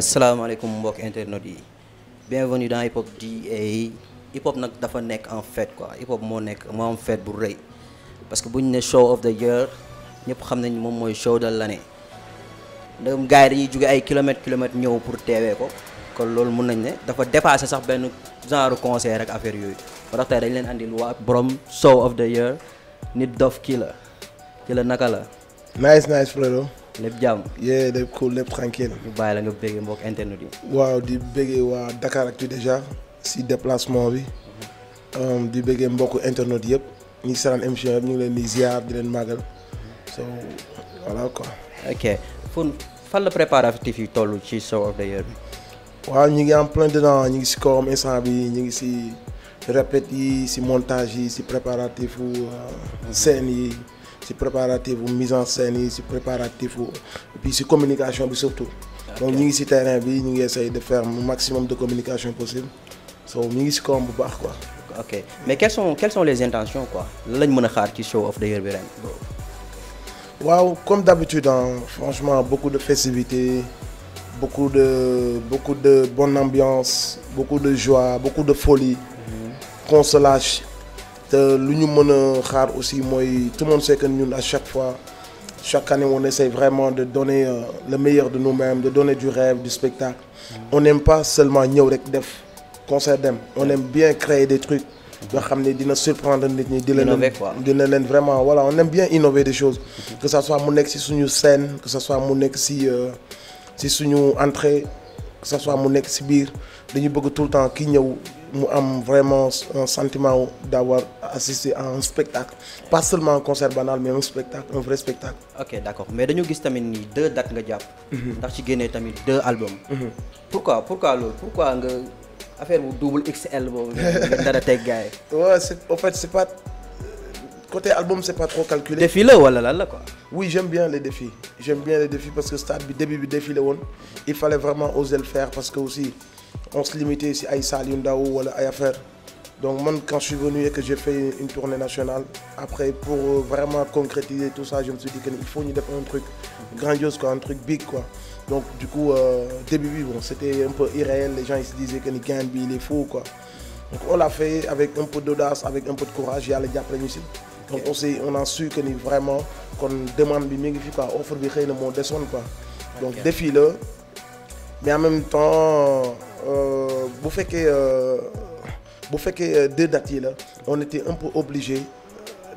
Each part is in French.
asalaamaaleykum mbok internet yi bienvenue dans hip hop DA hip hop nak dafa nek en fête quoi hip hop mo nek mo am fête bu rëy parce que buñ né show of the year ñep xam nañ mom moy show de l'année ndam gaay yi dañuy ay kilomètres kilomètres ñëw pour téwé ko ko lool mun nañ né dafa dépasser sax ben genre concert rek affaire yooyu ba tax tey dañ leen andil wa borom show of the year Nitdoff kii la Killer la naka nice nice frérot lépp jàmm yee lépp cool lépp tranquille ñu la nga internet yi waaw di déjà si déplacement bi um, di internet émission so voilà quoi ok fun fan la préparatif yi toll ci show of the year plein dedans ñu ngi instant bi ñu ngi montage c'est préparatif ou mise en scène préparatif puis communication Nous surtout. donc de faire le maximum de communication possible Donc quoi. ok mais quelles sont quelles sont les intentions quoi ce show comme d'habitude hein, franchement beaucoup de festivités beaucoup de beaucoup de bonne ambiance beaucoup de joie beaucoup de folie. Mhm. qu'on se lâche te lu ñu aussi tout le monde sait que nous à chaque fois chaque année on essaie vraiment de donner euh, le meilleur de nous-mêmes de donner du rêve du spectacle mm-hmm. on n'aime pas seulement ñëw rek def concert dem on aime bien créer des trucs de mm-hmm. ramener ne dina surprendre nit ñi dina leen vraiment voilà on aime bien innover des choses mm-hmm. que ça soit mon ex ci suñu scène que ça soit mon ex ci ci entrée que ça soit mon ex ci biir tout le temps ki j'ai vraiment un sentiment d'avoir assisté à un spectacle pas seulement un concert banal mais un spectacle un vrai spectacle. ok d'accord mais nous avons deux dates mhm. deux albums. Mhm. pourquoi pourquoi pourquoi faire double XL dans en fait c'est pas côté album c'est pas trop calculé. défi là là quoi. oui j'aime bien les défis j'aime bien les défis parce que le début bi défi il fallait vraiment oser le faire parce que aussi on se limitait ici à salle ou à ay donc moi quand je suis venu et que j'ai fait une tournée nationale après pour euh, vraiment concrétiser tout ça je me suis dit qu'il faut un truc grandiose quoi un truc big quoi donc du coup euh, début c'était un peu irréel les gens ils se disaient que les gain il est fou quoi donc on l'a fait avec un peu d'audace avec un peu de courage a les ñu si donc on sait on a su que ni vraiment qu'on demande bi mi quoi offre bi monde. donc défi le mais en même temps euh, bu fekkee euh, bu fekkee euh, deux dates on était un peu obligé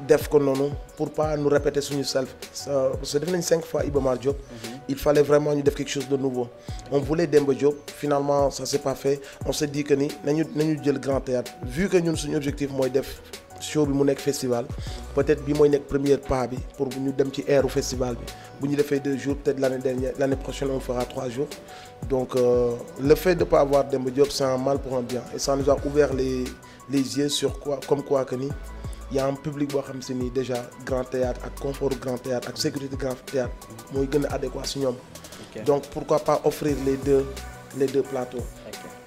def ko noonu pour pas nous répéter sur self c'est devenu def cinq fois Iba Diop mhm. il fallait vraiment ñu def quelque chose de nouveau on voulait Demba Diop finalement ça s'est pas fait on s'est dit que ni nañu nañu jël grand théâtre vu que nous ñun un objectif mooy def show bi festival peut-être bi premier nek première pas bi pour ñu dem air au festival bi bu ñu deux jours peut-être l'année dernière l'année prochaine on fera trois jours donc euh, le fait de ne pas avoir des Diop c'est un mal pour un bien et ça nous a ouvert les les yeux sur quoi comme quoi que ni y a un public qui xamni déjà grand théâtre ak confort grand théâtre ak sécurité grand théâtre moy gëna adéquat donc pourquoi pas offrir les deux les deux plateaux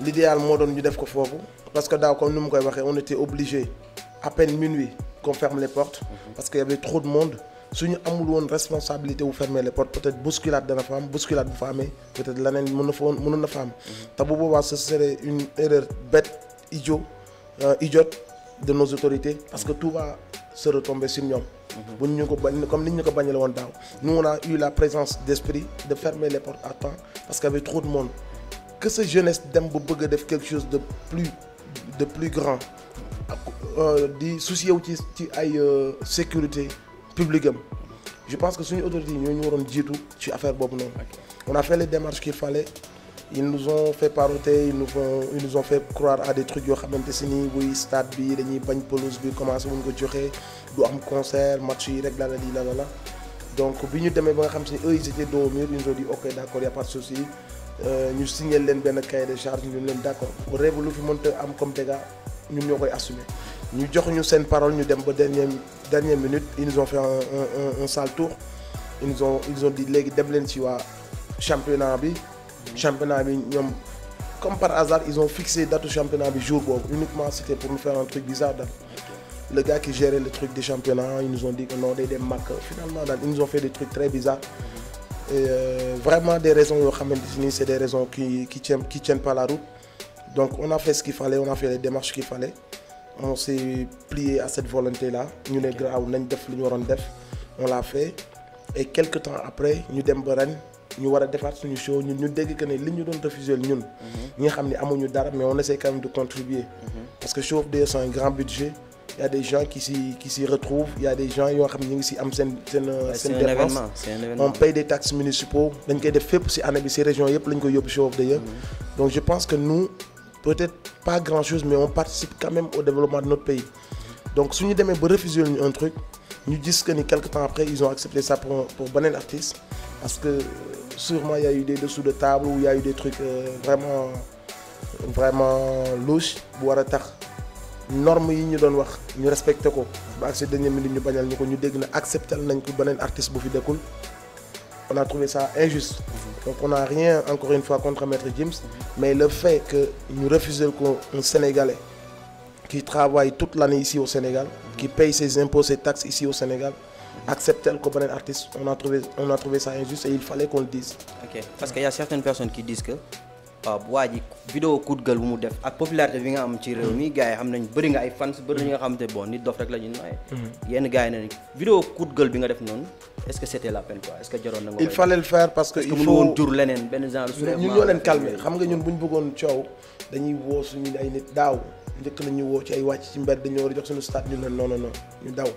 l'idéal c'est ñu def ko parce que comme nous on était obligé à peine minuit qu'on ferme les portes mhm. parce qu'il y avait trop de monde Si suñu amul une responsabilité de fermer les portes peut-être bousculade de la femme bousculade de la femme, peut-être la femme.. na mhm. ce serait une erreur bête idiot euh, idiote de nos autorités parce que tout va se retomber sur nous..! Mhm. comme nous avons ko nous on a eu la présence d'esprit de fermer les portes à temps parce qu'il y avait trop de monde que sa jeunesse dem ba bëgg def quelque chose de plus de plus grand euh, di soucier ci ci ay euh, sécurité publique je pense que suñu autorité ñoo ñu waron jitu ci affaire bobu non. on a fait les démarches qu'il fallait ils nous ont fait paroter ils nous ont ils nous ont fait croire à des trucs yo xamanté si ni oui stade bi dañuy bañ pelouse bi commencé wuñ ko joxé du am concert match yi rek la la la la donc biñu démé ba nga xam si eux ils étaient dormir. ils ont dit ok d'accord y a pas de souci nous signé un cahier de charge nous sommes d'accord Pour lu fi monter am comme dégâts Nous nous assumer Nous jox ñu parole ñu dernière minute ils nous ont fait un sale tour ils nous ont ils ont dit que dem leen ci championnat championnat championnat bi comme par hasard ils ont fixé date du championnat du jour uniquement c'était pour nous faire un truc bizarre le gars qui gérait le truc des championnats ils nous ont dit que non des des finalement ils nous ont fait des trucs très bizarres. Mm-hmm. Euh, vraiment des raisons, c'est des raisons qui, qui, tiennent, qui tiennent pas la route. Donc on a fait ce qu'il fallait, on a fait les démarches qu'il fallait. On s'est plié à cette volonté-là. Nous okay. on l'a fait. Et quelques temps après, nous sommes ñu war a defaat suñu show ñun ñu dégg que nous li ñu doon refusé ñun. Mhm. ñi nga xam nous amuñu dara mais on essaie quand même de contribuer. Mhm. parce que show c'est un grand budget il y a des gens qui s'y retrouvent il y a des gens qui ont ramené ici on paye des taxes municipaux donc il y a des année pour ces régions. donc je pense que nous peut-être pas grand chose mais on participe quand même au développement de notre pays mm-hmm. donc si nous refusons un truc nous disons que quelques temps après ils ont accepté ça pour pour l'artiste. parce que sûrement il y a eu des dessous de table où il y a eu des trucs euh, vraiment vraiment louches Normes yi ñu doon wax ñu respecté ko ba artiste on a trouvé ça injuste mhm. donc on n'a rien encore une fois contre Maître James mais le fait que nous refusions Sénégalais qui travaille toute l'année ici au Sénégal mhm. qui paye ses impôts ses taxes ici au Sénégal mhm. accepter le un artiste on a trouvé on a trouvé ça injuste et il fallait qu'on le dise parce qu'il y a certaines personnes qui disent que waaw bu waa ji vidéo coup de bu mu def ak popularité bi nga am ci réew mi gars xam nañ bëri nga ay fans bëri ñi nga xam te bon nit dof rek la ñu nooyee mhm. yenn gars yi ne vidéo coup de bi nga def noonu est-ce que la peine quoi est jaroon na nga il fallait parce que il faut jur leneen benn genre ñun ñoo leen calmer xam nga ñun bu ñu bëggoon coow dañuy woo suñu ay nit daaw njëkk nañu woo ci ay wàcc ci mbedd dañoo war a jox suñu stade ñu leen non non ñu daw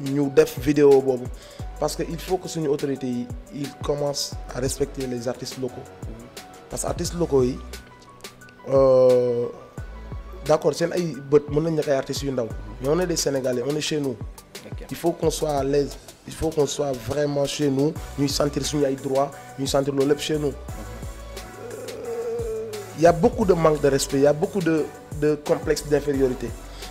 devons def vidéo parce que il faut que nos autorités ils commencent à respecter les artistes locaux parce que artistes locaux euh, d'accord c'est un mais on est des Sénégalais on est chez nous il faut qu'on soit à l'aise il faut qu'on soit vraiment chez nous nous sentir ay droit nous sentir le chez nous il euh, y a beaucoup de manque de respect il y a beaucoup de de complexes d'infériorité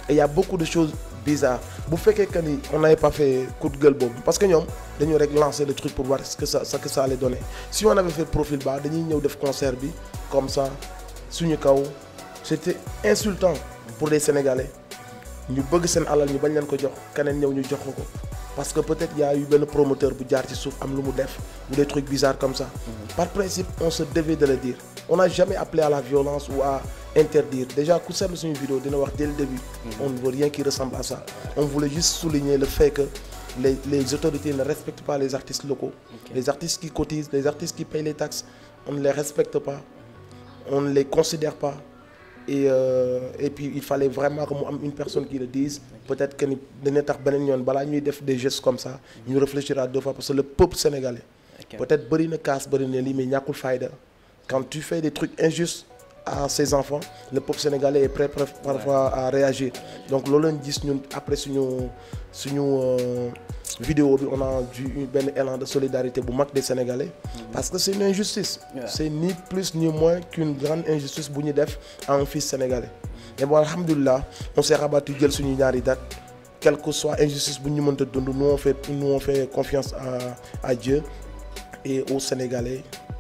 et il y a beaucoup de choses bizarre bu faites que ni on n'avait pas fait coup de gueule boobu parce que nous, dañoo rek lancé le truc pour voir ce que ça que ça allait donner si on avait fait profil bas dañuy ñëw def concert comme ça suñu kaw c'était insultant pour les sénégalais ñu bëgg fait alal ñu bañ nous ko jox parce que peut-être il y a eu un promoteur bu jaar ou des trucs bizarres comme ça. Mhm. par principe on se devait de le dire on n'a jamais appelé à la violence ou à interdire déjà ku c'est une vidéo voir dès le début. Mhm. on ne veut rien qui ressemble à ça. on voulait juste souligner le fait que les autorités ne respectent pas les artistes locaux. les artistes qui cotisent les artistes qui payent les taxes on ne les respecte pas on ne les considère pas et euh, et puis il fallait vraiment que une personne qui le dise peut-être que ni dana tax ñuy des gestes comme ça ñu réfléchira deux fois parce que le peuple sénégalais peut-être que na casse bari na lii mais fayda quand tu fais des trucs injustes à ses enfants le peuple sénégalais est prêt parfois à réagir donc le après suñu euh, vidéo on a eu belle élan de solidarité pour les des sénégalais parce que c'est une injustice c'est ni plus ni moins qu'une grande injustice pour nous à un fils sénégalais Et bon on s'est rabattu sur suñu ñaari quelle que soit l'injustice bu nous on fait nous on fait confiance à à Dieu et aux Sénégalais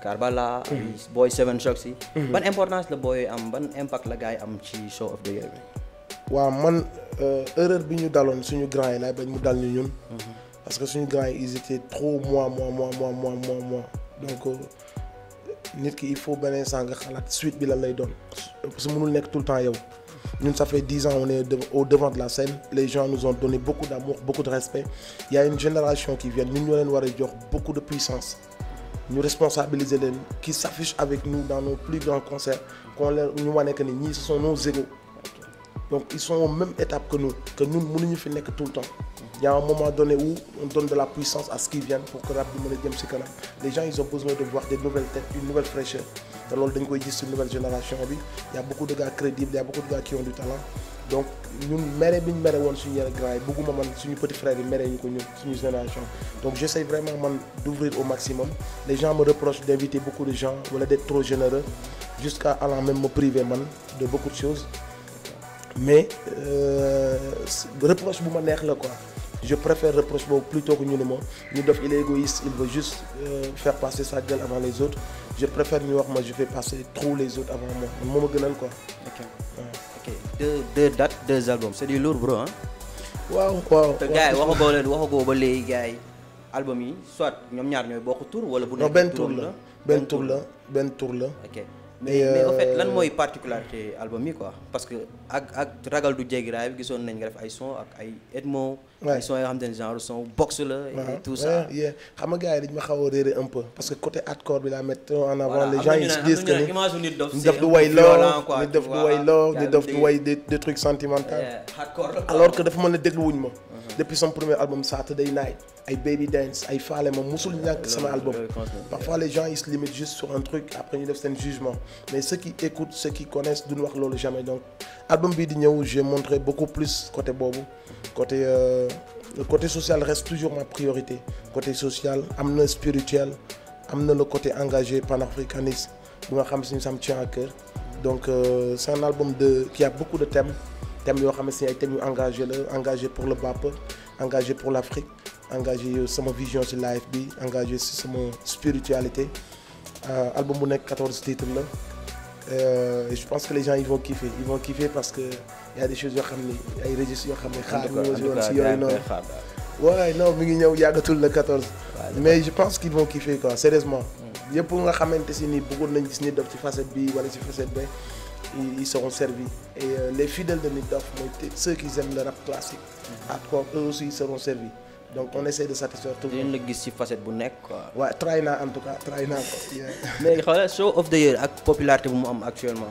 Karbala mhm. Boy 7 Shoxi mhm. ban importance le boy am ban impact la gars am show of the year Wa man euh, erreur bi ñu suñu grand dal ñun. Mhm. parce que suñu grand ils étaient trop moi moi moi moi moi moi moi donc euh, nit ki il faut que sang nga xalaat suite bi lan lay don. parce que mënul sommes tout le temps yow. Nous, ça fait 10 ans, on est au devant de la scène. Les gens nous ont donné beaucoup d'amour, beaucoup de respect. Il y a une génération qui vient, nous, nous donner beaucoup de puissance nous responsabiliser les qui s'affichent avec nous dans nos plus grands concerts, qu'on nous que sont nos zéros. Donc ils sont aux même étapes que nous, que nous nous faisons que tout le temps. Il y a un moment donné où on donne de la puissance à ce qui vient pour que rap du monde Les gens ils ont besoin de voir des nouvelles têtes, une nouvelle fraîcheur. Dans l'ordre une nouvelle génération, il y a beaucoup de gars crédibles, il y a beaucoup de gars qui ont du talent donc ñun sommes biñ mère mere woon suñu yenn grand yi bëgguma man suñu petit frère yi ñu suñu génération donc j'essaie vraiment man d'ouvrir au maximum les gens me reprochent d'inviter beaucoup de gens voilà d'être trop généreux jusqu'à même me priver de beaucoup de choses mais euh, reproche bu neex quoi je préfère reproche reprocher plutôt que ñu ne ma ñu il égoïste il veut juste euh, faire passer sa gueule avant les autres je préfère New wax mais je vais passer trop les autres avant moi moo ma gënal quoi. ok ok deux deux dates deux albums c'est du lourd bro ah. waaw waaw te gars yi waxagoo leen waxagoo ba léegi gars yi album yi soit nous ñaar ñooy bokk tour wala bu nekk benn tour la Ben tour la Ben tour la. ok mais mais en fait lan euh, mooy particularité album yi quoi parce que ak ak ragal du jéggi raay bi gisoon nañ nga def ay ak ay ouais sont yoo genre son boxe et tout ça xam nga gars yi dañ ma un peu parce que côté hardcore bi laa mettre en avant les gens ils se disent que ni du way lor ñu def du way du des trucs sentimentaux alors que dafa mën a déglu wuñ ma depuis son premier album Saturday Night ay Baby Dance ay faale ma musul ñàkk son album parfois les gens ils se limitent juste sur un truc après ils font un jugement mais ceux qui écoutent ceux qui connaissent ne wax loolu jamais donc album bii j'ai montré beaucoup plus côté Bobo, côté euh, le côté social reste toujours ma priorité côté social amener spirituel amener le côté engagé panafricaniste bi ça me tient à cœur donc euh, c'est un album de qui a beaucoup de thèmes thèmes yo xam ay engagé engagé pour le peuple, engagé pour l'Afrique engagé ma vision sur l'AFB, bi engagé sur ma spiritualité euh, album bu 14 titres euh, je pense que les gens ils vont kiffer ils vont kiffer parce que y a des choses yoo xam ni ay registres yoo xam ne xaar il y a si non mi ngi ñëw yàggatul le 14 mais je pense qu'ils vont kiffer quoi sérieusement mm. yëpp nga a si ni bëggoon nañ gis Nit Doff ci facette bi wala ci facette ils seront servis et euh, les fidèles de Nit ceux qui aiment le rap classique hardcore mm-hmm. eux aussi seront servis donc on essaie de satisfaire tout le monde. la gis ci facette bu nekk quoi. waaw try en tout cas try naa mais xoolal show of the year la popularité bu mu actuellement.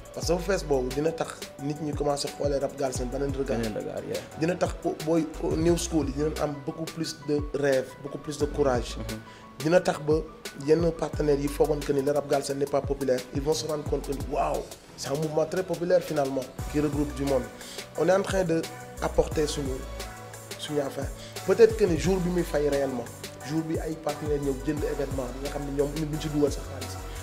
parce que fees boobu dina tax nit ñi commencé xoolee rap Galsen beneen regard dina tax booy new school yi dina am beaucoup plus de rêves, beaucoup plus de courage mhm. dina tax ba yenn partenaires yi font que ni le rap Galsen n'est pas populaire ils vont se rendre compte que waaw c'est un mouvement très populaire finalement qui regroupe du monde on est en train de apporter suñu suñu affaire peut-être que ni jour bi muy fay réellement jour bi ay partenaires ñëw jënd événement bi nga xam ne ñoom ñu buñ ci dugal sa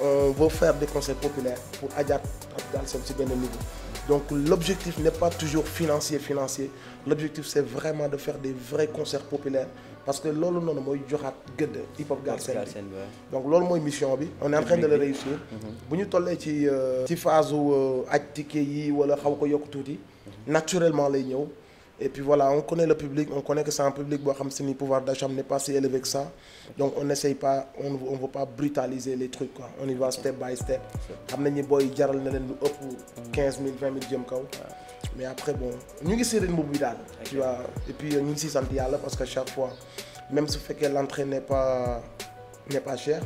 Euh, on va faire des concerts populaires pour sur Donc l'objectif n'est pas toujours financier, financier. L'objectif c'est vraiment de faire des vrais concerts populaires. Parce que lolo non que de hip hop galsen. Donc lolo moy mission on est en train de le réussir. Mhm. Buñu tollé euh, ci phase euh, mhm. naturellement les et puis voilà, on connaît le public, on connaît que c'est un public qui le pouvoir d'achat n'est pas si élevé que ça. Donc on n'essaye pas, on ne veut pas brutaliser les trucs. Quoi. On y va step by step. On a des gens qui ont 15 000, 20 000 Mais après, bon, nous sommes une mobile. Tu vois. Et puis nous sommes en parce qu'à chaque fois, même si l'entrée n'est pas, n'est pas chère,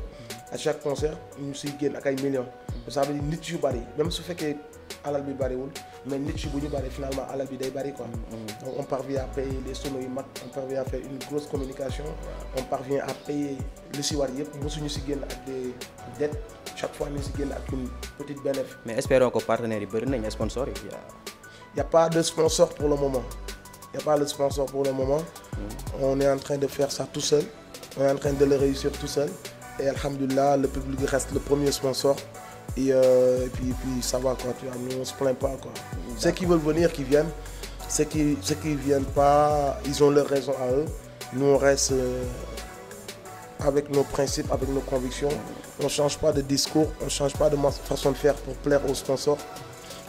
à chaque concert, nous sommes gagnés à millions. Ça veut dire que nous sommes Même si alal bi mais nous si bu finalement à la day bëri quoi. Mm-hmm. on parvient à payer les sommes on parvient à faire une grosse communication. on parvient à payer les si nous sommes si des dettes chaque fois nous si génn ak une petite bénéfice. mais espérons que partenaires yi bëri sponsors il y' a pas de sponsor pour le moment il y' a pas de sponsor pour le moment. Mm-hmm. on est en train de faire ça tout seul. on est en train de le réussir tout seul. et Alhamdulillah, le public reste le premier sponsor. Euh, et, puis, puis, ça va, quoi, tu nous, on se plaint pas. Quoi. Ceux qui veulent venir, qui viennent. Ceux qui ne qui viennent pas, ils ont leurs raisons à eux. Nous, on reste euh, avec nos principes, avec nos convictions. On ne change pas de discours, on ne change pas de façon de faire pour plaire aux sponsors.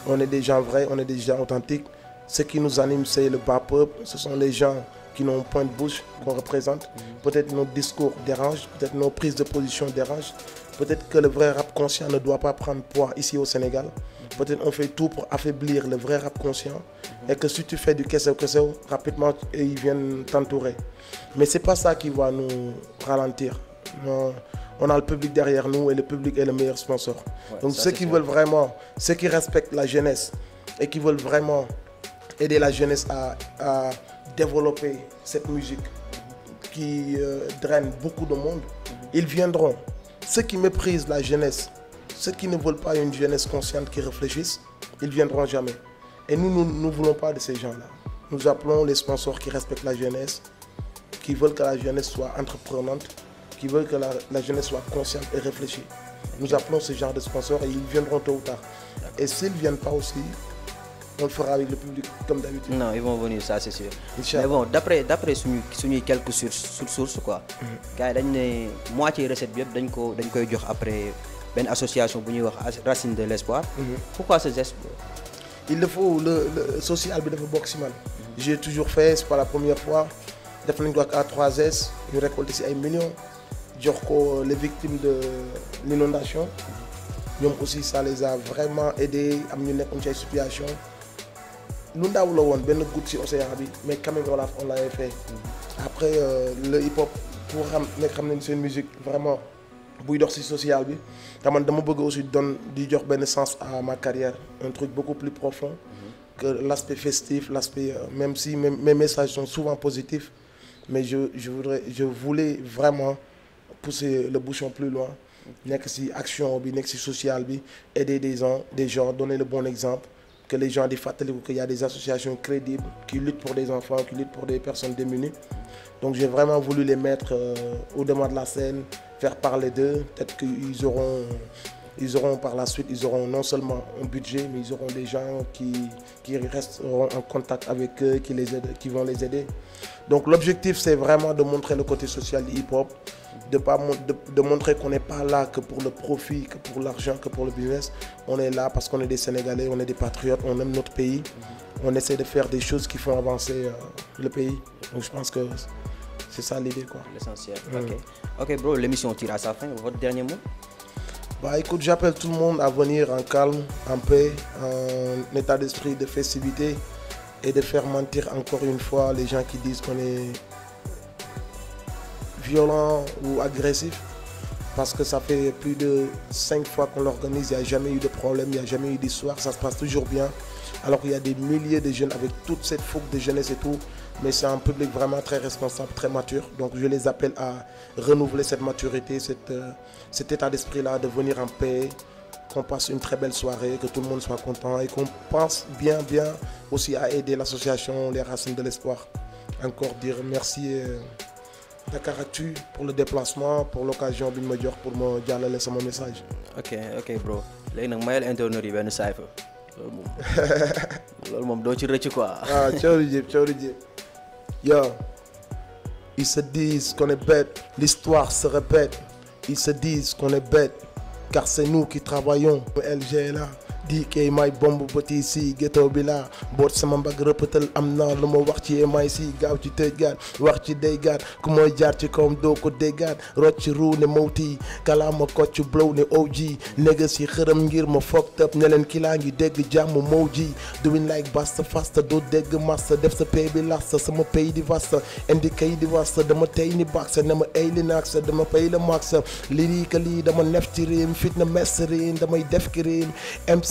On est des gens vrais, on est des gens authentiques. Ce qui nous anime, c'est le bas peuple. Ce sont les gens qui n'ont point de bouche qu'on représente. Mhm. Peut-être nos discours dérangent, peut-être nos prises de position dérangent, Peut-être que le vrai rap conscient ne doit pas prendre poids ici au Sénégal. Peut-être on fait tout pour affaiblir le vrai rap conscient. Et que si tu fais du queso queso, rapidement ils viennent t'entourer. Mais c'est pas ça qui va nous ralentir. on a le public derrière nous et le public est le meilleur sponsor. Donc ceux qui veulent vraiment, ceux qui respectent la jeunesse et qui veulent vraiment aider la jeunesse à, développer cette musique qui euh, draine beaucoup de monde, ils viendront. Ceux qui méprisent la jeunesse, ceux qui ne veulent pas une jeunesse consciente qui réfléchisse, ils ne viendront jamais. Et nous, nous ne voulons pas de ces gens-là. Nous appelons les sponsors qui respectent la jeunesse, qui veulent que la jeunesse soit entreprenante, qui veulent que la, jeunesse soit consciente et réfléchie. Nous appelons ces genre de sponsors et ils viendront tôt ou tard. Et s'ils ne viennent pas aussi, on le fera avec le public comme d'habitude. Non, ils vont venir, ça c'est sûr. Mais bon, d'après d'après soumis quelques sources sources quoi. Mhm. gars yi moitié recette bi yëpp ko après une association bu Racine de l'Espoir. Mhm. pourquoi ce geste il le faut le, social bi dafa si man. Mhm. j'ai toujours fait c'est pas la première fois def nañ ko trois 3 s ñu récolté un million millions les victimes de l'inondation aussi ça les a vraiment aidés à mieux nekkoon une situation. Nous avons la ben goutte ci océan mais quand même on l'avait fait après euh, le hip hop pour ramener xam une musique vraiment sociale. dox ci social bi te man dama aussi donner di sens à ma carrière un truc beaucoup plus profond que l'aspect festif l'aspect euh, même si mes, messages sont souvent positifs mais je voulais vraiment pousser le bouchon plus loin nekk ci action bi social aider des gens des gens donner le bon exemple que les gens disent ou qu'il y a des associations crédibles qui luttent pour des enfants qui luttent pour des personnes démunies donc j'ai vraiment voulu les mettre euh, au devant de la scène faire parler d'eux peut-être qu'ils auront ils auront par la suite ils auront non seulement un budget mais ils auront des gens qui qui resteront en contact avec eux qui les aident qui vont les aider donc l'objectif c'est vraiment de montrer le côté social du hip-hop de, pas, montrer qu'on n'est pas là que pour le profit, que pour l'argent, que pour le business. On est là parce qu'on est des Sénégalais, on est des patriotes, on aime notre pays. On essaie de faire des choses qui font avancer euh, le pays. Donc je pense que c'est ça l'idée. L'essentiel. Mm. ok. ok, bro, l'émission tire à sa fin. Votre dernier mot bah écoute, j'appelle tout le monde à venir en calme, en paix, en état d'esprit de festivité et de faire mentir encore une fois les gens qui disent qu'on est violent ou agressif parce que ça fait plus de cinq fois qu'on l'organise, il n'y a jamais eu de problème, il n'y a jamais eu d'histoire, ça se passe toujours bien. Alors qu'il y a des milliers de jeunes avec toute cette foule de jeunesse et tout, mais c'est un public vraiment très responsable, très mature. Donc je les appelle à renouveler cette maturité, euh, cet état d'esprit-là, de venir en paix, qu'on passe une très belle soirée, que tout le monde soit content et qu'on pense bien, bien aussi à aider l'association Les Racines de l'Espoir. Encore dire merci. Euh, pour le déplacement pour l'occasion de me dire pour pour me laisser mon message. ok ok bro Les nag mayal internet yi C'est C'est ah ils se disent qu'on est bête l'histoire se répète ils se disent qu'on est bête car c'est nous qui travaillons. pour LGLA. diikee may bomb bëti si ghetto bi la boot sama mbag rëppatal am na lu ma wax ci may si gaaw ci tëj gaat wax ci day gaat ku mooy jaar ci kawam doo ko day gaat ci ruu ne mawti kalaama kocc blow ne OG négasi xërëm ngir ma foog tëb ne leen kilaa ngi dégg jàmm maw ji duwin like basta fasta doo dégg masta def sa pay bi lasta sama pay di vasta indi kay di vasta dama tey ni baax sa ne ma ay li naag sa dama pay la maag sa liriika lii dama nef ci réem fit na mess réem damay def ki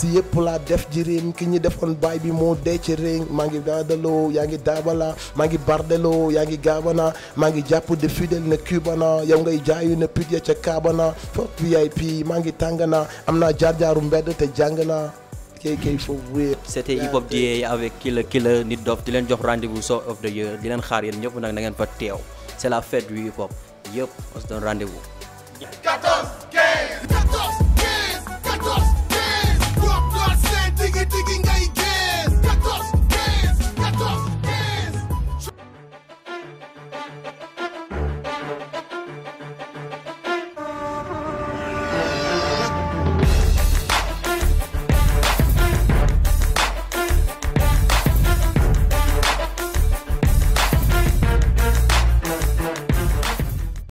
si yëpp laa def ji réem ki ñi defoon baay bi moo dee ci réem maa ngi daadaloo yaa ngi daabala maa ngi bardeloo yaa ngi gaabana maa ngi jàpp de fidèle ne cubana yow ngay jaayu ne pit ya ca kaabana foog VIP maa ngi tàng na am na jaar-jaaru mbedd te jàng naa KK for real. C'était Hip Hop DA avec Killa Killa Nit Doff di leen jox rendez-vous Sound of the Year di leen xaar yéen ñëpp nag na ngeen fa teew c'est la fête du hip hop yëpp on se rendez-vous.